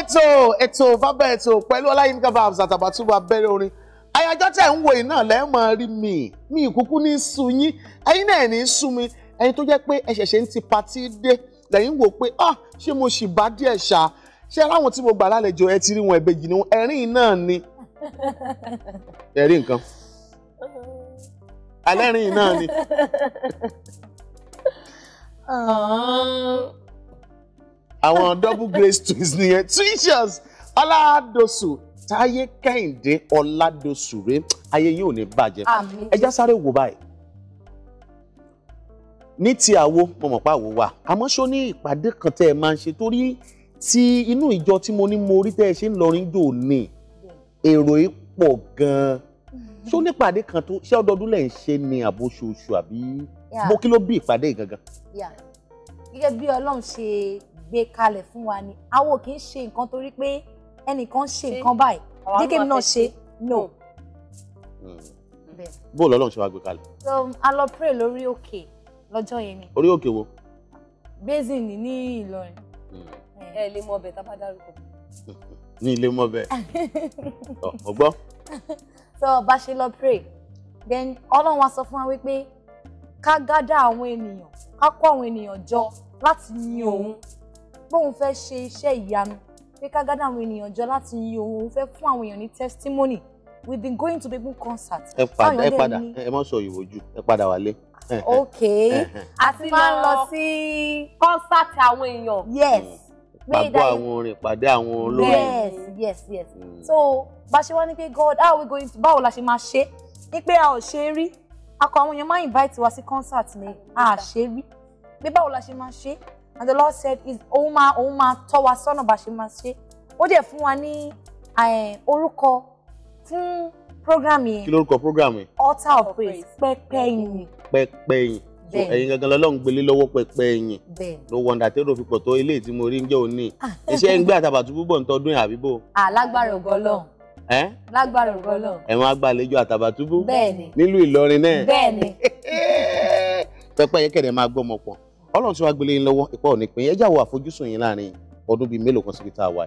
ètò ètò bàbá ètò pẹ̀lú ọláyínká bàbá àtàbàtúbà abẹ́rẹ́ orin ayájọ́ tẹ̀ ń wo iná lẹ́ mọ̀ rí mi mi ìkúkú ní sú yín ẹ̀yin náà ní sú mi ẹ̀yin tó jẹ́ pé ẹ ń ti patí dé lẹ́yìn wò pé ah ṣé mo sì bá díẹ̀ ṣá ṣé láwọn tí mo gbà lálejò ẹ ti rí wọn ẹ̀bẹ̀jì ni ẹ̀rín náà ni ẹ̀rín nǹkan alẹ́rìn náà ni àwọn double grace twins nìyẹn twinsians ọládọsù táyé kẹ́hìndé ọládọsù rẹ ayé yóò ní bàjẹ́ ẹjá sáré wò báyìí ní ti àwo mo mọ̀ pé àwo wà àmọ́ ṣó ní ìpàdé kan tẹ́ ẹ máa ń ṣe torí ti inú ìjọ tí mo ní mo rí tẹ́ ẹ ṣe ń lọrin jò ní èrò yìí pọ̀ gan-an mm-hmm. ṣó ní ìpàdé kan tó ṣé ọdọọdún lẹ̀ ń ṣe ni àbóṣoṣù àbí mo kí ló bí ìpàdé gangan. gẹ́gẹ́ bí ọlọ́run ṣe gbé kalẹ̀ fún wa ni àwọn kì í ṣe nǹkan torí pé ẹnìkan ṣe nǹkan báyìí díkè mi náà ṣe no. Hmm. bó lọ́lọ́run ṣe wá gbé kalẹ̀. so a lọ pray lórí òkè lọ́jọ́ yẹn ni. orí òkè wo. basin ni ní Ìlọrin. Hmm. ẹ lè mọ ọbẹ̀ tá a bá dárúkọ. ní ilé mọ bẹ́ẹ̀ ọgbọ́n. so bá ṣe lọ pray then ọlọ́run wa sọ fún wa wípé ká gádà àwọn ènìyàn ká kó àwọn ènìyàn jọ láti yin òun bóun fẹ́ ṣe iṣẹ́ ìyanu pé ká gádà àwọn ènìyàn jọ láti yí òun fẹ́ fún àwọn èèyàn ní testimony we been going to people concert. ẹ padà ẹ padà ẹ mọ sọ òyìnbó jù ẹ padà wálé. ok a ti máa lọ sí concert àwọn èèyàn. yes. Hmm. pàgọ́ àwọn orin pàdé àwọn olórin. yes yes yes mm. so bá ṣe wá ní pé god how we going to báwo la ṣe máa ṣe ní pé a ò ṣe é rí akọ àwọn èèyàn máa invite wa sí concert ni a ṣe rí pé báwo la ṣe máa ṣe and the Lord said is Oma Oma towa máa tọ́ wa sọ́nà bá ṣe máa ṣe ó dẹ̀ fún wa ní orúkọ fún program yẹn. kí lórúkọ program yẹn. altar of praise pẹpẹ ìyìn. pẹpẹ ìyìn so ẹ̀yin gangan lọ́lọ́run gbélé lọ́wọ́ pẹpẹ ìyìn. bẹ́ẹ̀ ló wọ ndàtẹ́rò fi pọ̀ tó eléyìí tí mo rí ń jẹ́ òní. iṣẹ́ ah, ń gbé àtàbàtúbú bọ̀ ń tọdún yẹn àbíbò. alágbára ah, ògo Ọlọ́run lágbára ògo Ọlọ́run. ẹ̀wọ̀n agbàlejò àtàbàtúbú. bẹ́ẹ̀ni nílùú Ìlọrin náà. ọlọ́run tí wàá gbélé yín lọ́wọ́ ìpá òní pé ẹjẹ́ àwọn àfojúsùn yín láàrin ọdún bíi mélòó kan síbi tá a wà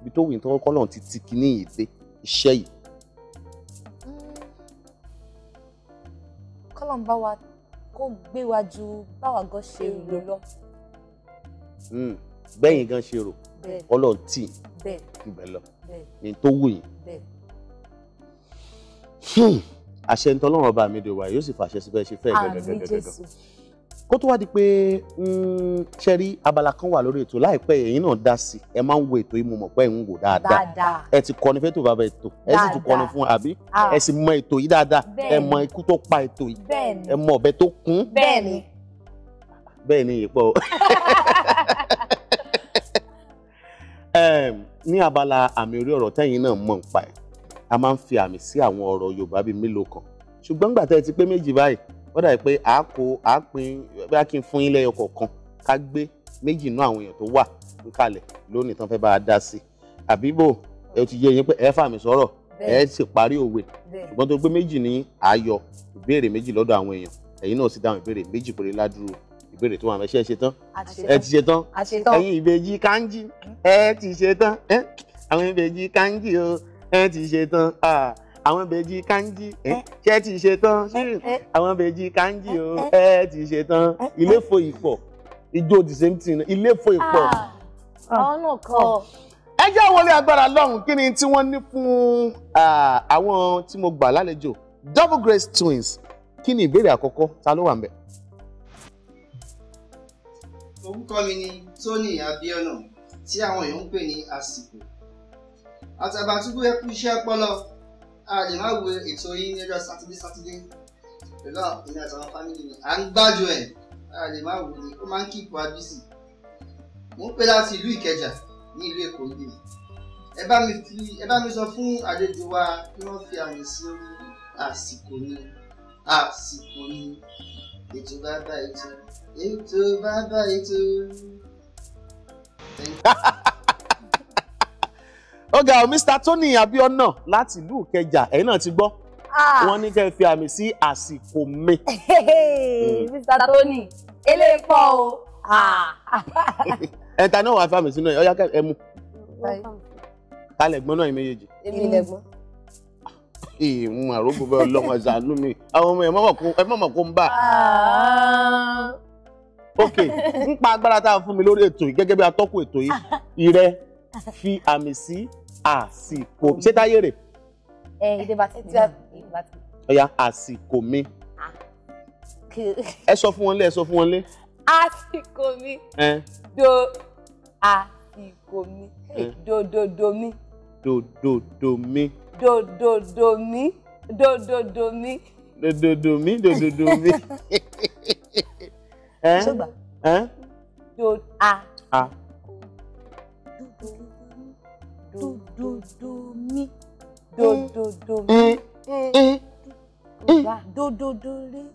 yìí ibi tó wù yín tọ́kọ́ náà ti ti kíní yìí dé iṣẹ́ yìí. kọ́lọ̀ ń bá wa kó gbé wa ju báwa gan ṣe rò lọ. Hmm. bẹ́yìn gan ṣe rò ọlọ́run tì í bẹ́ẹ̀ lọ ní tó wù yín. Hmm. àṣẹ ń tọ́lọ́run ọba mi dè wá yóò sì fàṣẹ síbẹ̀ ṣe fẹ́ gẹ́gẹ́gẹ́gẹ́ kó tó wá di pé mm, ṣe rí abala kan wà lórí ètò láìpẹ́ ẹ̀yin náà dá sí ẹ máa ń wo ètò yìí mo mọ̀ pé ẹ ń wò dáadáa ẹ ti kọ́ni fẹ́tò bàbá ètò ẹ sì tún kọ́ni fún àbí ẹ sì mọ ètò yìí dáadáa ẹ mọ ikú tó pa ètò yìí ẹ mọ ọ̀bẹ tó kún bẹ́ẹ̀ ni ìpọ̀ ní abala àmì orí ọ̀rọ̀ tẹ́yìn náà mọ̀ nípa ẹ̀ a máa ń fi àmì sí àwọn ọ̀rọ̀ Yorùbá bíi mélòó kan ṣùgbọ́n gbà ti pé méjì báyìí ó dàbí pé à á kó à á pín bí a kì í fún yín lẹ́yọ kọ̀ọ̀kan ká gbé méjì nú àwọn èèyàn tó wà ń kalẹ̀ lónìí tán fẹ́ bá a dá sí i àbíbò ẹ ti yé yín pé ẹ fà mí sọ̀rọ̀ ẹ sì parí òwe ṣùgbọ́n tó gbé méjì ní ayọ̀ ìbéèrè méjì lọ́dọ̀ àwọn èèyàn ẹ̀yin náà sì dáhùn ìbéèrè méjì péré ládùúró ìbéèrè tó wà mẹ́ṣẹ́ ṣe tán ẹ ti ṣe tán ẹ̀yin ìbejì kanji ẹ ti ṣe tán àwọn ìbejì kanji o ẹ ti ṣe tán àwọn bèjì kanji ṣé ti ṣe tán àwọn bèjì kanji o ẹ ti ṣe tán ilé fo ìpọ̀ ijó the same thing ilé fo ìpọ̀. Ah, ọ̀nà kan. ẹ jẹ́ wọlé agbára lọ́hùn kí ni tí wọ́n ní fún àwọn tí mo gbà lálejò double grace twins kí ni ìbéèrè àkọ́kọ́ ta ló wà ń orúkọ mi ni Tony Abiona tí àwọn èèyàn ń pè ní àsìkò àtàbàtúbú ẹkú iṣẹ́ ọpọlọ a lè má wo ètò yín ní ọjọ́ sátidé sátidé pẹ̀lú àpèjì àtàwọn fámìlì mi à ń gbájú ẹ̀ a lè má wo ni ó máa ń kíkọ́ abísì mò ń pè láti ìlú Ìkẹjà ní ìlú Èkó ń bìnnì ẹ bá mi fi ẹ bá mi sọ fún àlejò wa kí wọ́n fi àmì sí orí àsìkò ni àsìkò ni ètò bàbá ètò ètò bàbá ètò ọ̀gá o Mr Tony Abiona láti ìlú Ìkẹjà ẹ̀yin náà ti gbọ́ ah. wọ́n ní kẹ́ fi àmì sí àsìkò mi. Mr Tony eléyìí pọ̀ o. Ah. ẹ̀ta náà wàá fi àmì sínú ẹ̀ ọ̀yá ẹ mú kálẹ̀ gbọ́n náà méjèèjì. èmi lẹ̀ gbọ́n. ìhun àrógbó bẹ́ẹ̀ ọlọ́mọ ṣàánú mi àwọn ọmọ ẹ̀ mọ̀mọ̀ kó ń bà. Ah. ok nípa agbára tá a fún mi lórí ètò yìí gẹ́gẹ́ bí atọ́kùn ètò yìí ire fi àmì sí àsìkò ṣé táyé rè. ẹ ìdìbò àti ìdìbò àti. ọ̀ya àsìkò mi. Ah. ẹ sọ fún wọn lé ẹ sọ fún wọn lé. àsìkò mi. do àsìkò mi. dododo mi. dododo mi. dododo mi. dododo mi. dododo mi dododo mi. ṣùgbọ́n. do a. a do do do mi do do do mi e do do do re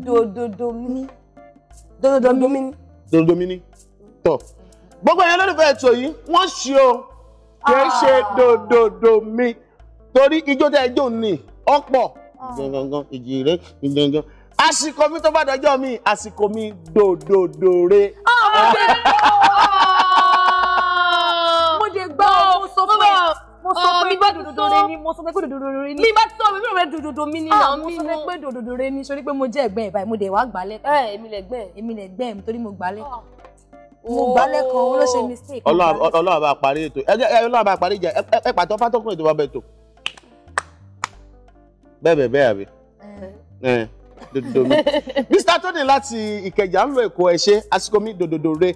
do do do mi do do do mi do do mi ni tó gbogbo ẹ̀yin lólùfẹ́ ètò yìí wọ́n ṣe o kì í ṣe do ah. do do mi torí ijó tẹ́ ijó ni ọ̀pọ̀ ah. gangan ìjì rẹ gangan àsìkò mi tó bá dọjọ́ mi àsìkò mi dòdòdò re. Ah, ọmọdé ló ni mo sọ pé dòdòdò rẹ ni. mi bá ti sọ mi mi rẹ dòdòdò mi ni náà ah, mi mo. mo sọ pé dòdòdò rẹ ni sori pé mo jẹ́ ẹ̀gbẹ́ ẹ̀ báyìí mo dẹ̀ wá gbálẹ̀. ẹ eh, èmi lẹ gbẹ èmi lẹ gbẹ mi torí mo gbalẹ. Ah. mo gbalẹ kan ó ló ṣe oh. mistake. ọlọ́wà bá parí ètò ẹ ọlọ́wà bá parí ìjà ẹ pàtó fátọ́kùn ètò bàbá ètò bẹ́ẹ̀ bẹ́ẹ̀ bẹ́ẹ̀ àbí eh. eh, dododo mi mr tony láti ìkẹjà ń lo èkó ẹṣẹ àsìkò mi dododo re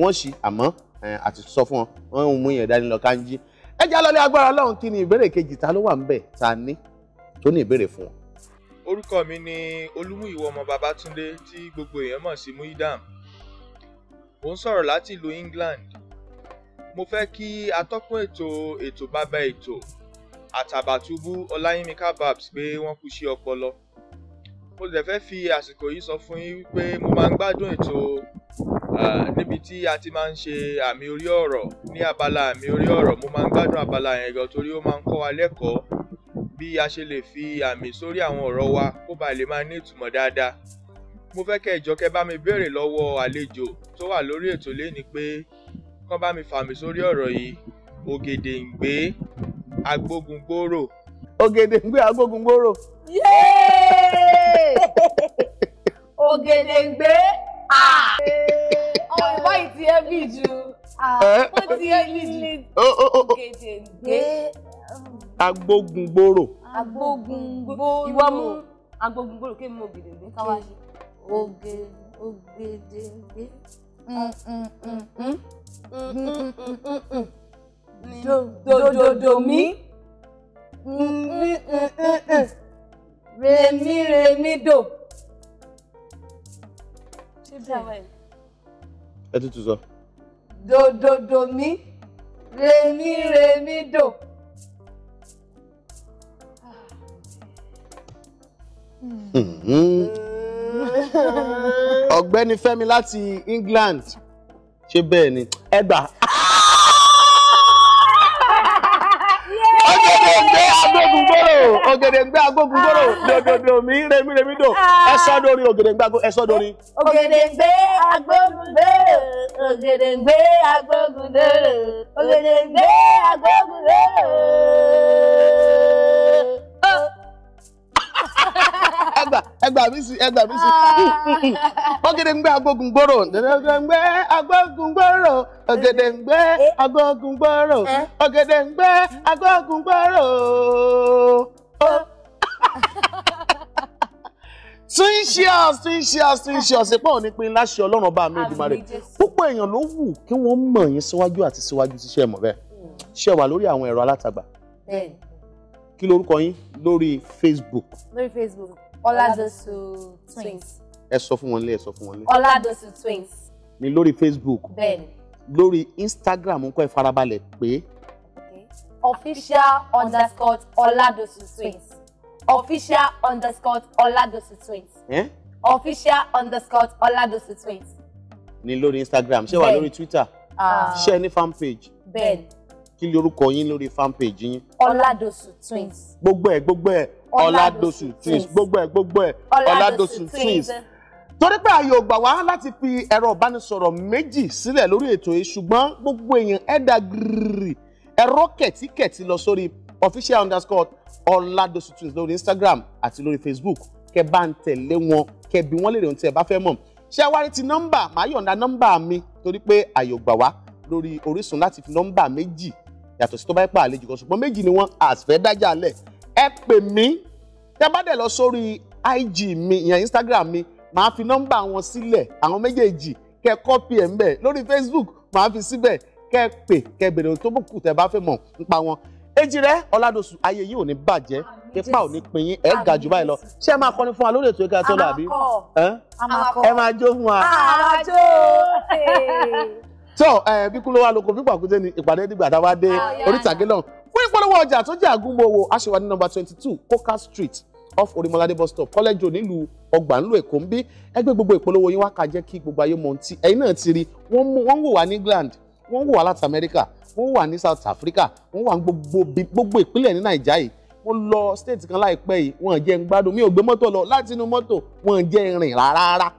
wọn ṣì àmọ́ àti sọ fún ọ wọn ń mú yẹn dání lọ ká ń ẹ jẹ́ alọ́lé agbára ọlọ́run tí ni ìbéèrè kejì ta ló wà ńbẹ̀ ta ní tó ní ìbéèrè fún wọn. orúkọ mi ni olúmúyìwọ ọmọ babátúndé tí gbogbo èèyàn mọ̀ sí muidam mo ń sọ̀rọ̀ láti ìlú england mo fẹ́ kí atọ́kùn ètò ètò bàbá ètò àtàbàtúbú ọláyínmíkà babs pé wọ́n kú sí ọpọlọ mo dẹ̀ fẹ́ fi àsìkò yìí sọ fún yín wípé mo máa ń gbádùn ètò níbi tí a ti máa ń ṣe àmì orí ọ̀rọ̀ ní abala àmì orí ọ̀rọ̀ mo máa ń gbádùn abala yẹn gan torí ó máa ń kọ́ wa lẹ́kọ̀ọ́ bí a ṣe lè fi àmì sórí àwọn ọ̀rọ̀ wa kó ba lè máa ní ìtumọ̀ dáadáa mo fẹ́ kẹ́ ìjọ kẹ́ bá mi béèrè lọ́wọ́ àlejò tó wà lórí ètò lẹ́ni pé kán bá mi fàmì sórí ọ̀rọ̀ yìí ògèdèǹgbé agbógungbòrò. ògèdèǹgbé agbógungbòrò. yéé ògèdèǹgbé a. Why báyìí ti ẹ́bí ju ó ah, eh? ti ẹ́bí ju oh, oh, oh, gèdèǹgbé. Eh? agbógungbòrò. agbógungbòrò ìwọ mú agbógungbòrò kí n mú gèdèǹgbé káwá ṣe. oge ogèdèǹgbé. dòdòdò mi. rèmi rèmi dò. ṣé bí àwọn ẹ̀ ẹ tútù sọ. dòdòdò mi rèmi rèmi dò. ọ̀gbẹ́ni Fẹ́mi láti England ṣé bẹ́ẹ̀ ni ẹ gbà. ògèdèǹgbé agógungoro ah. dòdòdò mi mi remi remi dò ah. ẹ sọ dórí ògèdèǹgbé agó ẹ sọ dórí. ògèdèǹgbé agógungoro ògèdèǹgbé agógungoro ògèdèǹgbé agógungoro oh. ẹgbà ẹgbà mi sí ẹgbà mi sí ah. Ògèdèngbé Agbógungbòrò Ògèdèngbé Agbógungbòrò Ògèdèngbé Agbógungbòrò eh? Ògèdèngbé Agbógungbòrò twin shares twin shares twin shares ṣe pé òní pin láṣẹ ọlọ́run ọba mi Èdùmàrè púpọ̀ èèyàn ló wù kí wọ́n mọ̀ yín síwájú àti síwájú ṣiṣẹ́ mọ̀ bẹ́ẹ̀ hmm. ṣe wà lórí àwọn ẹ̀rọ alátagbà kí lorúkọ yín lórí Facebook. lórí Facebook ọládọ̀sù twins. ẹ sọ fún wọn lé ẹ sọ fún wọn lé. ọládọ̀sù twins. ni lórí Facebook. bẹ́ẹ̀ni. lórí Instagram ń kọ́ ẹ farabalẹ̀ pé official underscore oladosu twins official underscore oladosu twins eh? official underscore oladosu twins. ní lórí instagram ṣé wà lórí twitter ah. ṣé ẹ ní fan page. bẹ́ẹ̀ni kí ni orúkọ yín lórí fan page yín. ọládòsù twins. gbogbo ẹ gbogbo ẹ ọládòsù twins gbogbo ẹ gbogbo ẹ ọládòsù twins. torí pé ààyè ò gbà wá láti fi ẹ̀rọ ìbánisọ̀rọ̀ méjì sílẹ̀ lórí ètò yìí ṣùgbọ́n gbogbo èèyàn ẹ̀dà gírírì ẹ̀rọ kẹ̀tíkẹ̀tí lọ sórí official underscore ọ̀làdọ̀sù twins lórí instagram àti lórí facebook kẹ bá ń tẹ̀lé wọn kẹ bí wọ́n lè rìn tí ẹ bá fẹ́ mọ̀ ṣé ti nọ́mbà màá yọ̀ǹda nọ́mbà mi torí pé àyò gbà wá lórí orísun láti fi nọ́mbà méjì yàtọ̀ sí tó bá yẹ pa àlejò kan ṣùgbọ́n méjì ni wọ́n àfẹ́ dájà lẹ̀ ẹ pè mí tẹ bá dẹ̀ lọ sórí ig mi ìyẹn instagram mi màá fi nọ́mbà wọn sílẹ̀ àwọn méjèèjì kẹ kọ́pì ẹ̀ ń bẹ̀ lórí facebook màá fi síbẹ̀ kẹ́ pè kẹ́ bèrè ohun tó bó kù tẹ́ bá fẹ́ mọ̀ nípa wọn Èjìrè Ọládòsù ayé yìí ò ní bàjẹ́ ipa ò ní pin yín ẹ ga jù báyìí lọ ṣé ẹ máa kọni fún wa lórí ètò ìka tó dàbí ẹ máa jó fún wa. tó bí ló wá lóko bí pàkúté ni ìpàdé dìgbà tá a wá dé orítàgé náà fún ìpolówó ọjà tó jẹ́ àgúngbòwò aṣèwà ní nọ́mbà twenty two coca street off orimolade bus stop kọ́lẹ́jì onílùú ọgbà ńlò èkó ń bí ẹgbẹ́ gbogbo ìpolówó yín wá ká jẹ́ kí gbogbo ayé mọ̀ ohun tí ẹ̀yin náà ti rí wọ́n wò wá ní England wọ́n ń wò wá láti Amẹ́ríkà wọ́n wà ní South Africa wọ́n wà ní gbogbo ìpínlẹ̀ ní Nàìjíríà yìí mo lọ state kan láìpẹ́ yìí wọ́n jẹ́ ń gbádùn mi ò gbé mọ́tò lọ láti inú mọ́tò wọ́n jẹ́ rìn rárá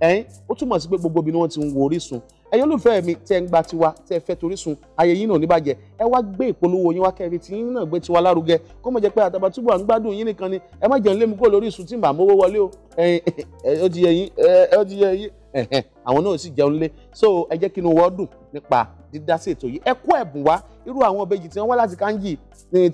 ẹ̀yìn ó túmọ̀ sí pé gbogbo ibi ni wọ́n ti ń wo Orísun ẹ̀yin olùfẹ́ mi tẹ́ ń gba tiwa tẹ́ fẹ́ torísun ayé yín náà níbàjẹ́ ẹ wá gbé ìpolówó yín wá kẹ́rin tí yín náà gbé tiwa lárugẹ kó mọ̀ jẹ́ pé Àtàbàtúbú à ń gbádùn yín nìkan ni ẹ má jẹun lémi kó lórí ìsun tí màá mówó wọlé o ẹ̀yin ó ti yẹ yín ó ti yẹ yín àwọn náà sì jẹun lé so ẹ jẹ́ kí inú wọ́n dùn nípa dídá sí ètò yìí ẹ kó ẹ̀bùn wá irú àwọn ìbejì tí wọ́n wá láti kanji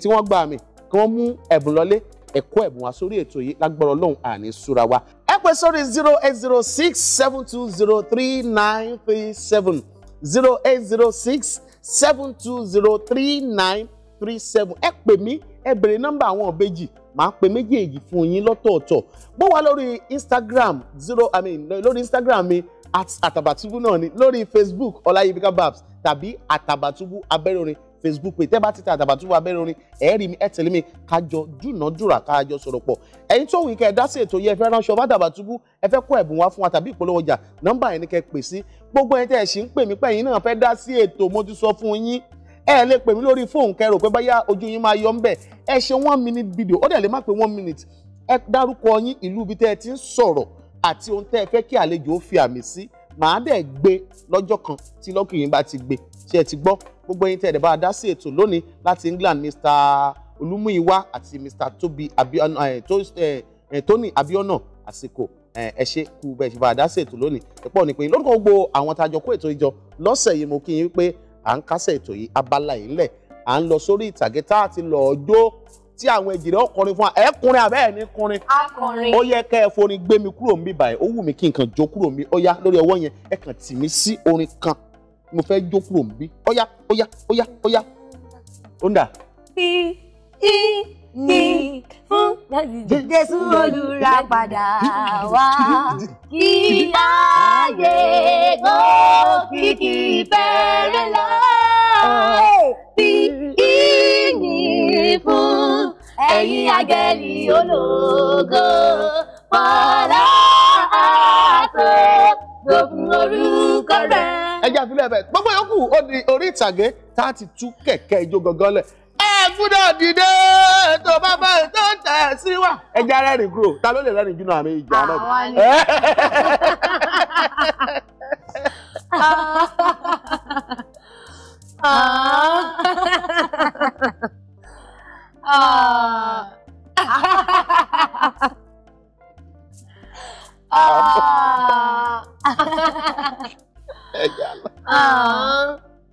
tí wọ́n gbà mí kí wọ́n mú ẹ̀bùn lọ́lé ẹ kó ẹ̀bùn wá sórí ètò yìí lágbára Ọlọ́run àní súra wa ẹ pè sórí zero eight zero six seven two zero three nine three seven zero eight zero six seven two zero three nine three seven ẹ pè mí ẹ bèrè nọ́mbà àwọn ìbejì màá pe méjèèjì fún yín lọ́tọ̀ọ̀tọ̀ bó wà lórí instagram zero i mean lórí instagram mi at àtàbàtúbú náà ni lórí facebook ọláyíbíkà babs tàbí atabatubu abẹ́rẹ́ facebook page tẹ́ bá ti ta àtàbàtúbú abẹ́rẹ́ orin ẹ̀ rí mi ẹ̀ tẹ̀lé mi kájọ dúnàádúrà kájọ sọ̀rọ̀ pọ̀ ẹ̀yin tó wù kẹ́ ẹ dá sí ètò yẹ ẹ fẹ́ ránṣọ bá àtàbàtúbú ẹ fẹ́ kó ẹ̀bùn wá fún wa tàbí ìpolówó ọjà nọ́mbà yẹn ni kẹ́ pè sí gbogbo ẹ̀yin tẹ́ ẹ sì ń pè mí pé náà fẹ́ dá sí ètò mo ti sọ fún yín ẹ lè pè mí lórí fóònù kẹrò pé báyà ojú yín máa yọ ń bẹ̀ ẹ ṣe one minute video ó dẹ̀ lè má pé one minute ẹ dárúkọ yín ìlú ibi tẹ́ ẹ ti ń sọ̀rọ̀ àti ohun tẹ́ ẹ fẹ́ kí àlejò ó fi àmì sí màá dẹ̀ gbé lọ́jọ́ kan tí lọ́kì yín bá ti gbé ṣe é ti gbọ́ gbogbo yín tẹ́ ẹ dẹ̀ bá a dá sí ètò lónìí láti England Mr Olúmúyìwá àti Mr Tobi Abiona eh, eh, eh, Tony Abiona àsìkò ẹ ṣe kú bẹ́ẹ̀ ṣe bá a dá sí ètò lónìí ẹ̀pọ̀ ní pé lórúkọ gbogbo àwọn tájọ kó ètò ìjọ lọ́sẹ̀ yìí mo kí yín pé à ń kásẹ̀ ètò yìí abala yìí lẹ̀ à ń lọ sórí ìtàgé tá a ti lọ ọjọ́ tí àwọn èjìrẹ́ ọkùnrin fún wa ẹ àbẹ́ ẹ̀ ní kùnrin. ó yẹ kẹ́ ẹ forin gbé mi kúrò níbí báyìí ó wù mí kí n jó kúrò níbí ó lórí ọwọ́ yẹn ẹ kàn tì mí sí orin kan mo fẹ́ jó kúrò níbí ó yá ó yá ó ń dà yìn fún hmm? Jésù olùràpadà wa kí ayé kó kìkì bẹ̀rẹ̀ lọ bí ìyìn fún ẹ̀yin àgẹ̀lì ológo fọlá àtọ́ gbogbo orúkọ rẹ̀. ẹ jẹ́ àfilẹ̀ bẹ́ẹ̀ gbogbo yòókù orí ìtàgé tá a ti tú kẹ̀kẹ́ ijó gangan lẹ̀ ẹ gbúdọ̀ dìde tó bá bá ètò tẹ̀ sí wa. ẹ já rẹ́rìn kúrò ta ló lè rẹ́rìn jùlọ àmì ìjà náà. àwa ni. ah ah ah.